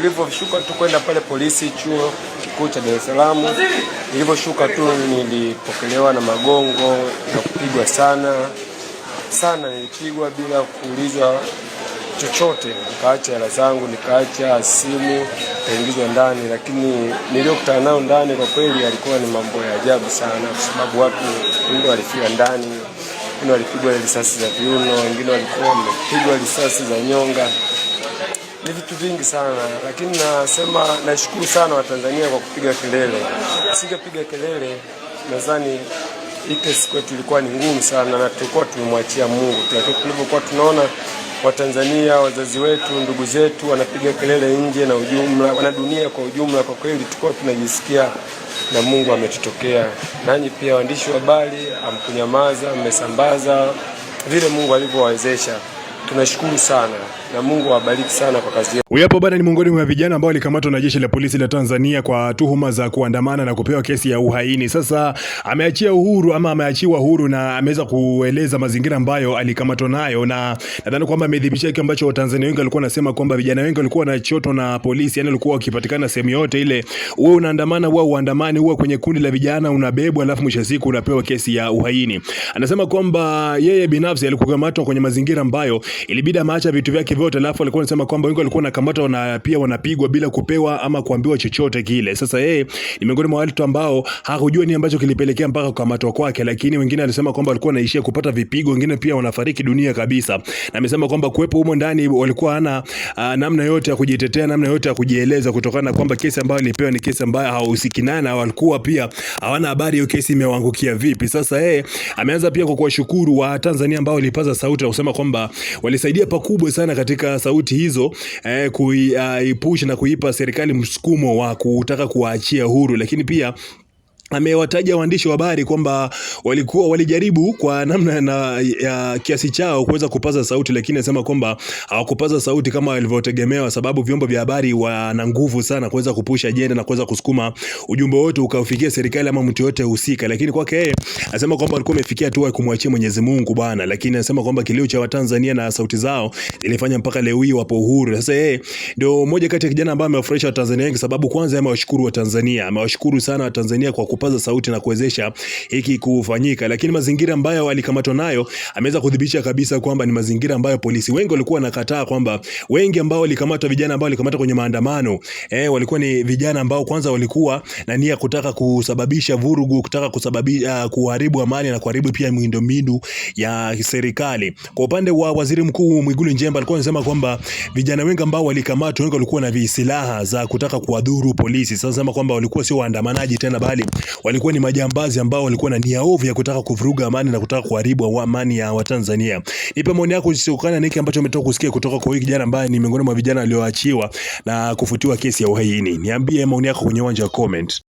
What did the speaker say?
tulivyoshuka tu kwenda pale polisi chuo kikuu cha Dar es Salaam, nilivyoshuka tu nilipokelewa na magongo na kupigwa sana sana. Nilipigwa bila kuulizwa chochote, nikaacha hela zangu, nikaacha simu, nikaingizwa ndani. Lakini niliyokutana nao ndani kwa kweli alikuwa ni mambo ya ajabu sana, kwa sababu watu wengine walifia ndani, wengine walipigwa risasi za viuno, wengine walikuwa wamepigwa risasi za nyonga ni vitu vingi sana, lakini nasema nashukuru sana Watanzania kwa kupiga kelele. Singepiga kelele, nadhani ile siku yetu ilikuwa ni ngumu sana, na tulikuwa tumemwachia Mungu, lakini tulivyokuwa tunaona Watanzania, wazazi wetu, ndugu zetu wanapiga kelele nje na ujumla, wana dunia kwa ujumla, kwa kweli tulikuwa tunajisikia na Mungu ametutokea. Nanyi pia waandishi wa habari amkunyamaza mmesambaza vile Mungu alivyowawezesha tunashukuru sana na Mungu awabariki sana kwa kazi yao. Huyu bwana ni miongoni mwa vijana ambao walikamatwa na jeshi la polisi la Tanzania kwa tuhuma za kuandamana na kupewa kesi ya uhaini. Sasa ameachia uhuru ama ameachiwa huru na ameweza kueleza mazingira ambayo alikamatwa nayo, na nadhani kwamba amedhibitisha kile ambacho Watanzania wengi walikuwa wanasema kwamba vijana wengi walikuwa na choto na polisi, yani walikuwa wakipatikana sehemu yote ile, wewe unaandamana, wewe uandamani, wewe kwenye kundi la vijana unabebwa, alafu mwisho siku unapewa kesi ya uhaini. Anasema kwamba yeye binafsi alikukamatwa kwenye mazingira ambayo ilibidi amaacha vitu vyake vyote, alafu alikuwa anasema kwamba wengi walikuwa wanakamatwa na pia wanapigwa bila kupewa ama kuambiwa chochote kile. Sasa yeye ni miongoni mwa watu ambao hakujua nini ambacho kilipelekea mpaka kukamatwa kwake, lakini wengine alisema kwamba walikuwa wanaishia kupata vipigo, wengine pia wanafariki dunia kabisa, na amesema kwamba kuwepo humo ndani walikuwa hana uh, namna yote ya kujitetea, namna yote ya kujieleza, kutokana na kwamba kesi ambayo alipewa ni kesi ambayo hahusiki naye na walikuwa pia hawana habari hiyo kesi imewaangukia vipi. Sasa yeye ameanza pia kwa kuwashukuru wa Tanzania ambao walipaza sauti na kusema kwamba walisaidia pakubwa sana katika sauti hizo eh, kuipush ah, na kuipa serikali msukumo wa kutaka kuwaachia huru, lakini pia amewataja waandishi wa habari kwamba walikuwa walijaribu kwa namna na ya kiasi chao kuweza kupaza sauti, lakini anasema kwamba hawakupaza sauti kama walivyotegemewa, sababu vyombo vya habari wana nguvu sana kuweza kupusha ajenda na kuweza kusukuma ujumbe wote ukaufikia serikali ama mtu yote husika. Lakini kwake yeye anasema kwamba walikuwa wamefikia tu kumwachia Mwenyezi Mungu bwana, lakini anasema kwamba kilio cha Watanzania na sauti zao ilifanya mpaka leo hii wapo uhuru. Sasa yeye ndio mmoja kati ya kijana ambaye amewafurahisha Watanzania wengi, sababu kwanza amewashukuru Watanzania, amewashukuru sana Watanzania kwa kupaza sauti na kuwezesha hiki kufanyika, lakini mazingira ambayo walikamatwa nayo ameweza kudhibitisha kabisa kwamba ni mazingira ambayo polisi wengi walikuwa wanakataa kwamba wengi ambao walikamatwa, vijana ambao walikamatwa kwenye maandamano eh, walikuwa ni vijana ambao kwanza walikuwa na nia kutaka kusababisha vurugu, kutaka kusababisha uh, kuharibu amani na kuharibu pia miundombinu ya serikali. Kwa upande wa waziri mkuu Mwigulu Nchemba alikuwa anasema kwamba vijana wengi ambao walikamatwa wengi walikuwa na visilaha za kutaka kuwadhuru polisi. Sasa sema kwamba walikuwa sio waandamanaji tena, bali walikuwa ni majambazi ambao walikuwa na nia ovu ya kutaka kuvuruga amani na kutaka kuharibu amani ya Watanzania. Nipe maoni yako kuhusiana na hiki ambacho umetoka kusikia kutoka kwa huyu kijana ambaye ni miongoni mwa vijana walioachiwa na kufutiwa kesi ya uhaini. Niambie maoni yako kwenye uwanja wa comment.